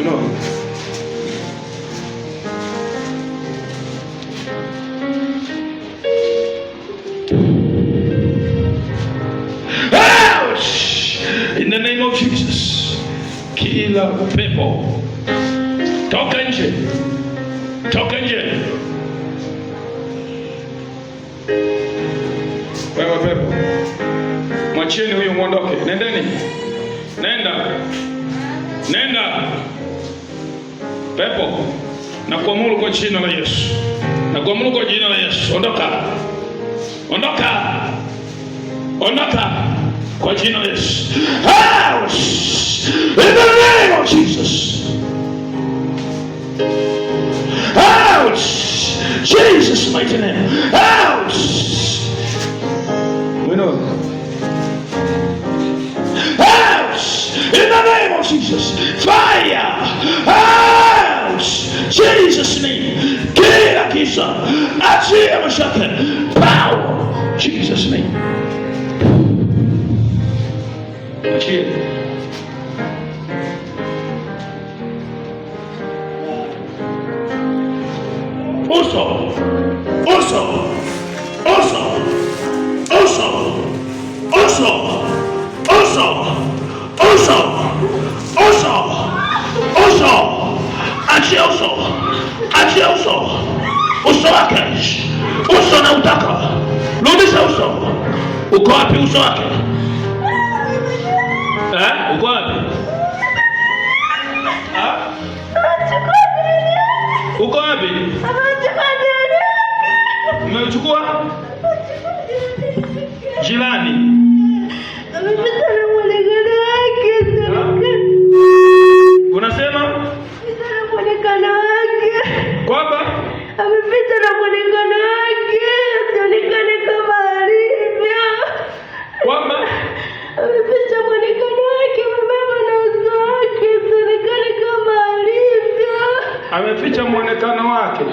you know. Ouch! Ah, In the name of Jesus, kill people. Talk engine. Talk engine. Where are people? Wewe pepo, mwacheni huyu mwondoke. Nendeni, nenda, nenda. pepo, na kuamuru kwa jina la Yesu, na kuamuru kwa jina la Yesu, ondoka, ondoka, ondoka kwa jina la Yesu. In the name of Jesus. Out! Jesus mighty name. Out! We know. Out! In the name of Jesus. Fire! Out! Jesus' name. Kila kisa. Achia second. Power. Jesus' name. Here. Uso. Uso. Uso. Uso. Uso. uso, uso wake, uso na utaka, rudisha uso. Uko wapi uso wake eh? Uko wapi? Uko wapi? Umemchukua jirani ameficha mwonekano wake.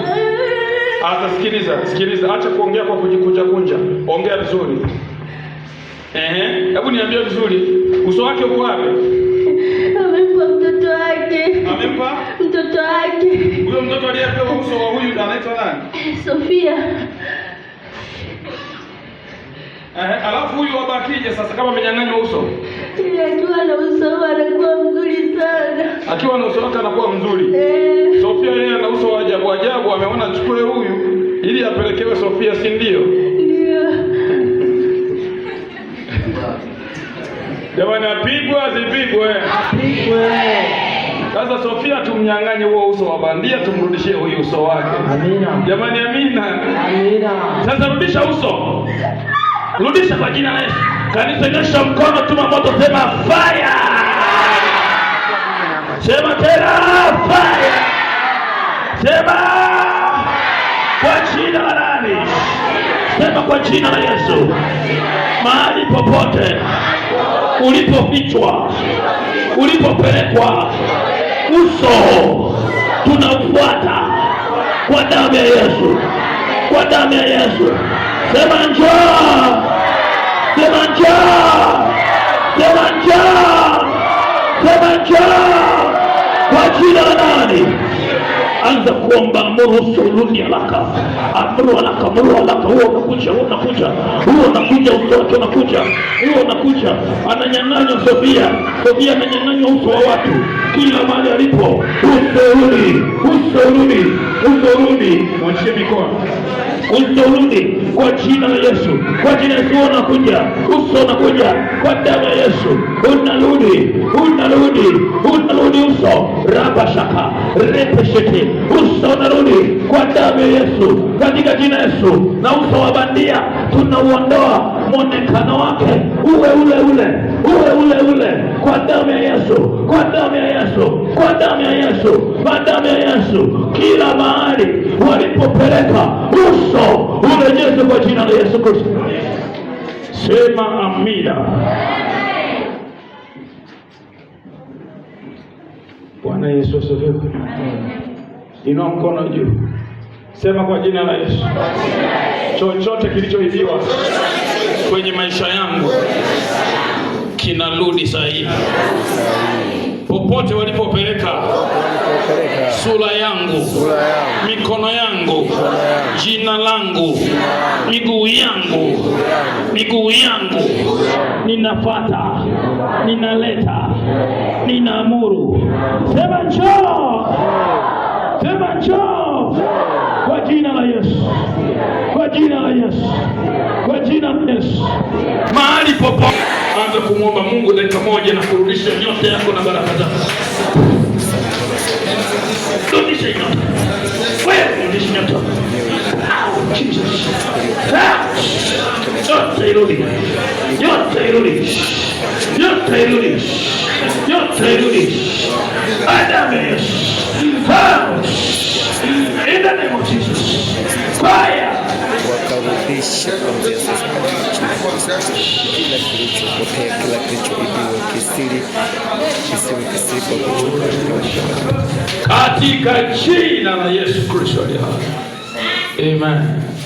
Asa, sikiliza, sikiliza, acha kuongea kwa kujikunja kunja, ongea vizuri. Ehe, hebu niambie vizuri, uso wake uko wapi? huyu wabakije sasa kama amenyang'anywa uso? Akiwa na uso wake anakuwa mzuri sana. Akiwa na uso wake anakuwa mzuri. Eh. Sofia yeye ana uso wa ajabu ajabu, ameona chukue huyu ili apelekewe Sofia, si ndio? Ndio. Jamani apigwe azipigwe. Apigwe. Sasa Sofia tumnyang'anye huo uso wa bandia tumrudishie huyu uso wake. Amina. Jamani amina. Amina. Sasa rudisha uso. Rudisha kwa jina la Yesu. Kanisa, nyosha mkono, tuma moto, sema fire. Sema tena fire. Sema kwa jina la nani? Sema kwa jina la Yesu. Mahali popote ulipofichwa, ulipopelekwa, uso tunamfuata kwa damu ya Yesu, kwa damu ya Yesu. Sema njoo acha kwa jina la nani? anza kuomba mursuluni alaka amuru alaka amuru alaka, huo unakuja huo unakuja huo unakuja uso wake unakuja huo unakuja, ananyang'anywa Sofia, Sofia ananyang'anywa uso wa watu kila mahali alipo. Usurudi, usurudi, usurudi, mwachie mikono usurudi kwa jina la Yesu, kwa jina la Yesu unakuja, uso unakuja kwa damu ya Yesu, unarudi, unarudi unarudi uso rabashaka repeshete, uso unarudi kwa damu ya Yesu, katika jina Yesu. Na uso wa bandia tunauondoa, mwonekano wake uwe ule ule, uwe ule ule, kwa damu ya Yesu, kwa damu ya Yesu, kwa damu ya Yesu, kwa damu ya Yesu. Kila mahali walipopeleka uso urejeze, kwa jina la Yesu Kristo. Sema amina. Bwana Yesu asifiwe. Inua mkono juu, sema kwa jina la Yesu, chochote kilichoibiwa kwenye maisha yangu kinarudi sahihi popote walipopeleka sura yangu, mikono yangu, jina langu, miguu yangu, miguu yangu, ninafata, ninaleta, ninaamuru, sema njoo, sema njoo, kwa jina la Yesu, kwa jina la Yesu, kwa jina la Yesu, mahali popote anza kumwomba Mungu dakika moja na kurudisha nyota yako na baraka zako. Rudisha nyota. Wewe rudisha nyota. Nyota irudi. Nyota irudi. Nyota irudi. Nyota irudi. Fire kuhakikisha kuanzia sasa kila kilichopotea, kila kilichoibiwa kisiri kisiwe kisiri kwa kuchukua katika jina la Yesu Kristo aliye hai. Amen.